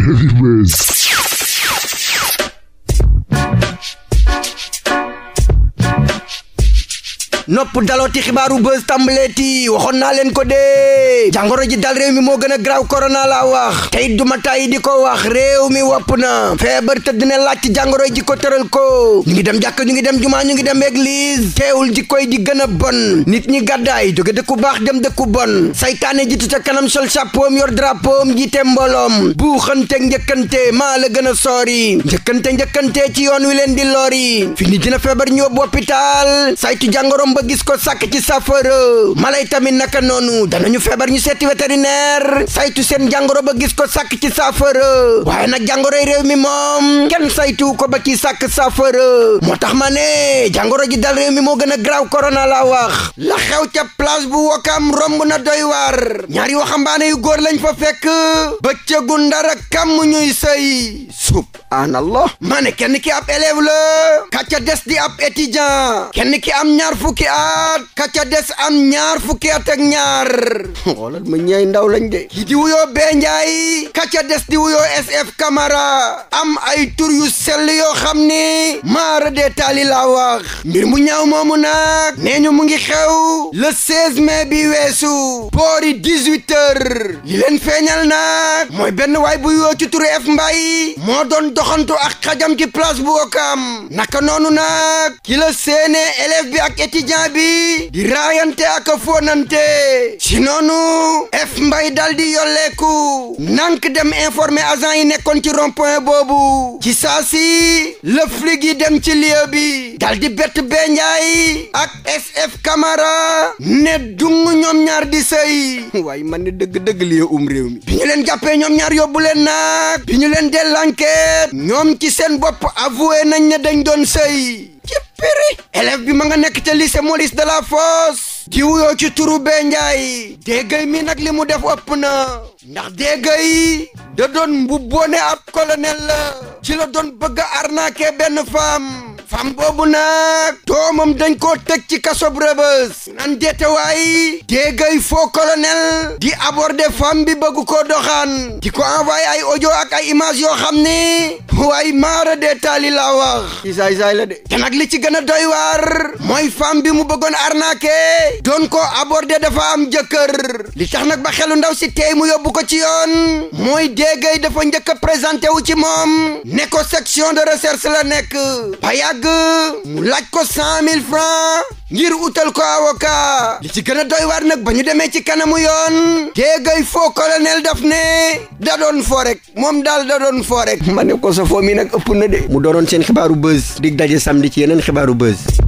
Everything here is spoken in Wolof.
Heavy Mess. nopp dalooti xibaaru buzz tàmbaleeti waxoon naa leen ko dee jangoro ji dal réew mi moo gën a graw korona laa wax tey duma tàyyi di ko wax reew mi wapp na feebar tëdd na laaj ci jàngoro ji ko tëral ko ñu ngi dem jàkk ñu ngi dem jumaa ñu ngi dem église teewul ji koy di gën a bon nit ñi gàddaay jóge dëkku baax dem dëkku bon ji jitu ca kanam sol chapeau yor drapeau jiite bu buuxante njëkkante ma la gën a soori njëkkante njëkkante ci yoon wi leen di lori fi dina feebar ñu yóbbu hôpital saytu jàngoro ba gis ko sàkk ci safara mala yi tamit naka noonu danañu feebar ñu seeti vétérinaire saytu seen jàngoro ba gis ko sàkk ci safara waaye nag réew mi moom kenn saytu ko ba ci sàkk safara moo tax ma ne jàngoro ji dal mi moo gën a graaw korona laa wax la xew ca bu wokkaam romb na doy waar ñaari waxambaane yu góor lañ fa fekk bëccëgu ndara kam ñuy sëy subhanallah kenn ki ab élève la des di ab étudiant kenn ki am ñaar fukki fukki at ka ca des am ñaar fukki at ak ñaar xoolal ma ndaw lañ de ki di wuyoo bee njaay ka des di wuyoo SF Camara am ay tur yu yoo xam ni maara de taali laa wax mbir mu ñaaw moomu nag nee ñu mu ngi xew le 16 mai bi weesu boori 18 heures li feeñal nag mooy benn waay bu yoo ci turu F Mbaye moo doon doxantu ak xajam ci place bu Ouakam naka noonu nag ki la séenee bi ak étudiant quotidien bi di raayante ak fóonante si noonu F Mbaye dal di yolleeku nank dem informer agent yi nekkoon ci rond-point boobu ci saa si le dem ci lieu bi dal di bett bee Njaay ak SF Camara ne dung ñoom ñaar di sëy waaye man ne dëgg-dëgg lieu um réew mi ñu leen jàppee ñoom ñaar yóbbu leen nag bi ñu leen del enquête ñoom ci seen bopp avoué nañ ne dañ doon sëy piri bi ma nga nekk ca lycée Maurice Delafosse di wuyoo ci turu Bee Njaay déggay mi nag li mu def ëpp na ndax déggay da doon mbubboone ab colonel la ci la doon bëgg a arnaquer benn femme fam boobu nag doomam dañ ko tëj ci kaso rëbës nan deetewaay déegay faux colonel di aborder fam bi bëgg koo doxaan di ko envoyé ay audio ak ay image yoo xam ne waaye maara dee taali wax ci saay saay de te li ci gën a doy waar mooy fam bi mu bëggoon arnaqué doon koo aborder dafa am jëkkër li tax nag ba xelu ndaw si tey mu yóbbu ko ci yoon mooy déegay dafa njëkk a présenté wu ci moom ne ko section de recherche la nekk bëgg mu laaj ko cent mille francs ngir utal ko avocat li ci gën a doy waar nag ba ñu demee ci kanamu yoon téegay foo colonel daf ne da doon foo rek moom daal da doon foo rek ma ne ko sa foo mi nag ëpp na de mu doonoon seen xibaaru buzz dig daje di ci yeneen xibaaru buzz